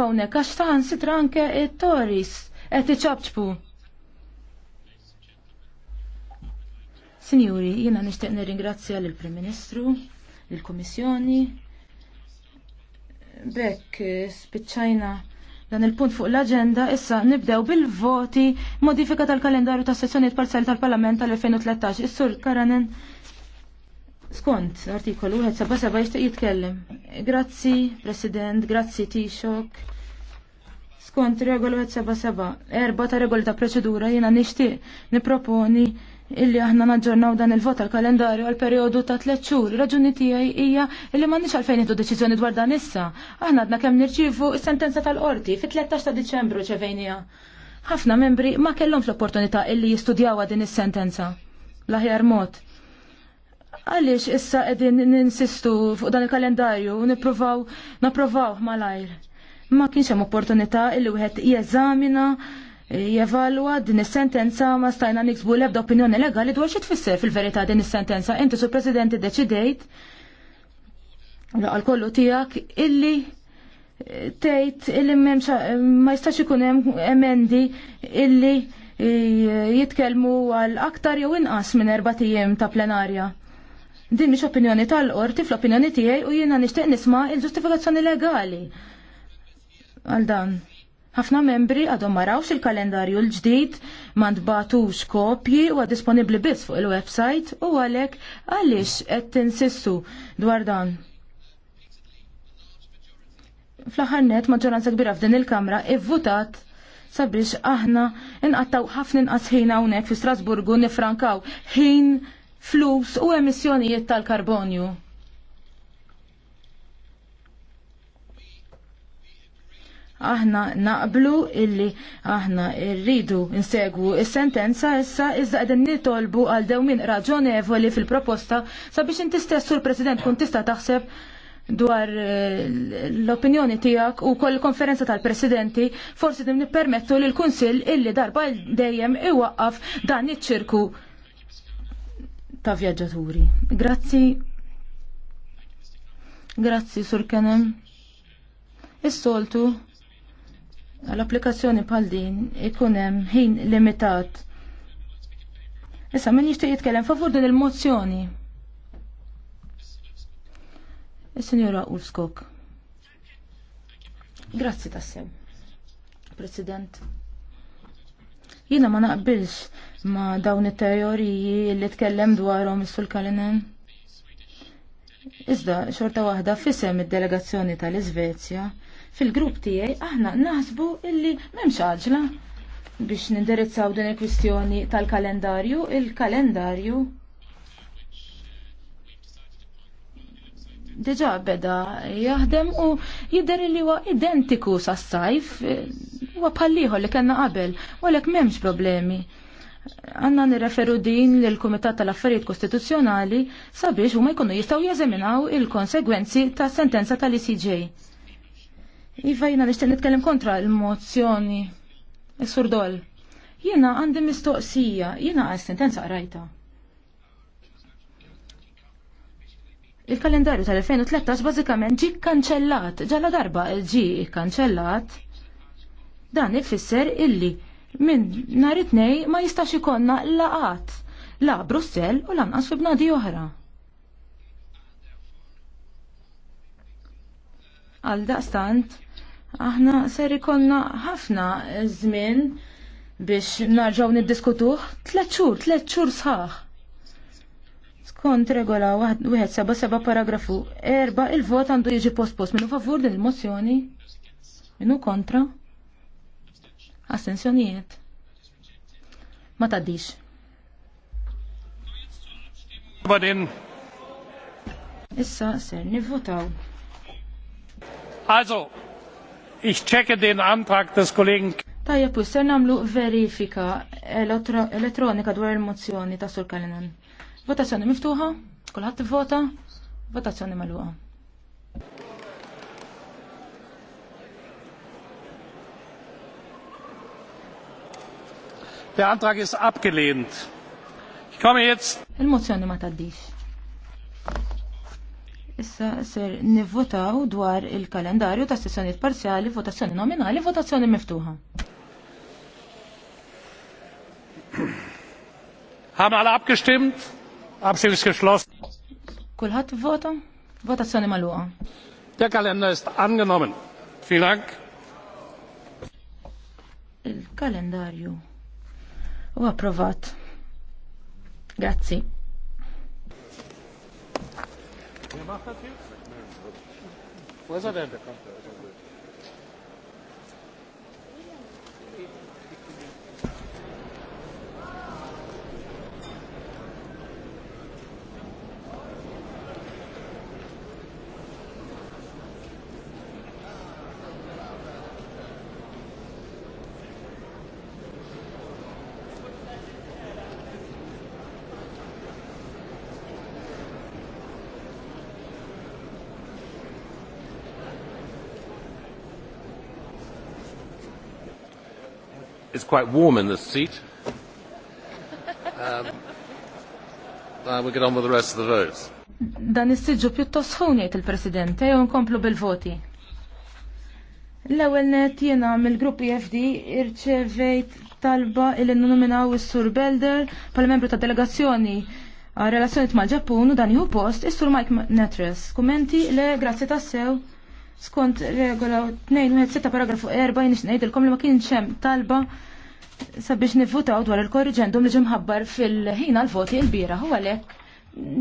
pawne għax taħan sitra anke it-toris, et iċabċbu. Signori, jina nishtiq nirringrazzja l-Prim Ministru, l-Komissjoni. Bekk, spiċċajna dan il-punt fuq l-agenda, issa nibdew bil-voti modifika tal-kalendarju ta' sessjoniet parzjali tal-Parlament tal-2013. Is-sur Karanen, skont artikolu 177 jitkellem. Grazzi, President, grazzi Tishok. Skont regola 77, erba ta' regoli ta' proċedura jiena nixtieq niproponi illi aħna naġġornaw dan il-vot għal-kalendarju għal-periodu ta' tliet xhur. Raġuni tiegħi hija illi m'għandniex għalfejn nieħdu deċiżjoni dwar dan issa. Aħna għadna kemm nirċievu is-sentenza tal-qorti fit-13 ta' Diċembru ċevejnija. Ħafna membri ma kellhom fl-opportunità illi jistudjawha din is-sentenza. L-aħjar mod. Għaliex issa qegħdin ninsistu fuq dan il-kalendarju u nippruvaw napprovaw malajr ma kienx hemm opportunità li wieħed jeżamina jevalwa din is-sentenza ma stajna niksbu l-ebda opinjoni legali dwar xi tfisser fil-verità din is-sentenza. Inti su President deċidejt għal kollu tiegħek illi eh, tgħid illi ma jistax ikun hemm emendi illi eh, jitkellmu għal aktar jew inqas minn erba' tiem ta' plenarja. Din mhix opinjoni tal-qorti fl-opinjoni tiegħi u jiena nixtieq nisma' il-ġustifikazzjoni legali għal dan. Ħafna membri għadhom marawx il-kalendarju l-ġdid ma ntbatux kopji u disponibbli biss fuq il-website u għalhekk għaliex qed tinsistu dwar dan. Fl-aħħar net maġġoranza kbira f'din il-Kamra ivvutat sabiex aħna inqattaw ħafna inqas ħin hawnhekk fi Strasburgu nifrankaw ħin flus u emissjonijiet tal-karbonju. aħna naqblu illi aħna rridu insegwu is-sentenza issa iżda qegħdin nitolbu għal dewmin raġonevoli fil-proposta sabiex inti stess sur President kun tista' taħseb dwar eh, l-opinjoni tijak u koll konferenza tal-presidenti forsi dim nippermettu li l kunsill illi darba dejjem iwaqqaf dan iċ-ċirku ta' vjaġġaturi. Grazzi. Grazzi, Sur Kenem. Is-soltu l applikazzjoni bħal din ikun hemm ħin limitat. Issa min jixtieq jitkellem favur din il-mozzjoni. Is-Sinjora Ulskok. Grazzi tassew. President. Jiena ma naqbilx ma dawn it-teoriji li tkellem dwarhom is-Sul Kalinen. Iżda xorta waħda fisem id-delegazzjoni tal-Iżvezja fil-grupp tiegħi aħna naħsbu illi m'hemmx għaġla biex nindirizzaw din il-kwistjoni tal-kalendarju, il-kalendarju deġa beda jaħdem u jidher li huwa identiku sas-sajf huwa bħalliħor li kellna qabel, u għalhekk m'hemmx problemi għanna nirreferu din l kumitat tal-Affarijiet Kostituzzjonali sabiex huma jkunu jistgħu jeżaminaw il-konsegwenzi ta' sentenza tal-ICJ. Iva jina nishtiq nitkellem kontra l-mozzjoni. Is-surdol. Jina għandi mistoqsija, jina għas sentenza għrajta. Il-kalendarju tal-2013 bażikament ġi kanċellat, ġalla darba ġi kanċellat. Dan ifisser illi minn nhar it ma jistax ikonna laqat la Brussell u lanqas fi bnadi oħra. Għal daqstant, aħna ser ikonna ħafna żmien biex narġaw niddiskutuh tliet xhur, tliet xhur sħaħ. Skont regola seba' paragrafu erba' il-vot għandu jiġi postpost minnu favur din il-mozzjoni minnu kontra Astenzjonijiet. Ma taddix. Issa ser nivvotaw. Also, ich checke den Antrag des Kollegen. Tajja pu ser namlu verifika elettronika dwar il-mozzjoni ta' Sur Kalinan. Votazzjoni miftuħa, kulħadd vota, votazzjoni magħluqa. Der Antrag ist abgelehnt. Ich komme jetzt. Il-mozzjoni ma taddix. Issa ser nivvotaw dwar il-kalendarju ta' sessjonijiet parzjali, votazzjoni nominali, votazzjoni miftuħa. Haben għal abgestimmt? Abstimmung ist geschlossen. Kulħadd vota? Votazzjoni magħluqa. Der Kalender ist angenommen. Vielen Dank. Il-kalendarju u approvat. Grazzi. Wer macht das jetzt? Wo ist er denn? It's quite warm in this seat. Um, uh, we'll get on with the rest of the votes. Dan is-siġġu pjuttost jgħid il-President, jew nkomplu bil-voti. L-ewwel net jiena mill-grupp EFD irċevejt talba illi nominaw is-Sur Belder bħala membru ta' delegazzjoni għal relazzjoniet mal-Ġappun u dan juhu post is-Sur Mike Netres. Kumenti le grazzi tassew skont regola 216 paragrafu 4 jnix ngħidilkom li ma kienx hemm talba sabiex nivvutaw dwar il-korriġendum li ġimħabbar fil-ħin għal-voti il bira u għalhekk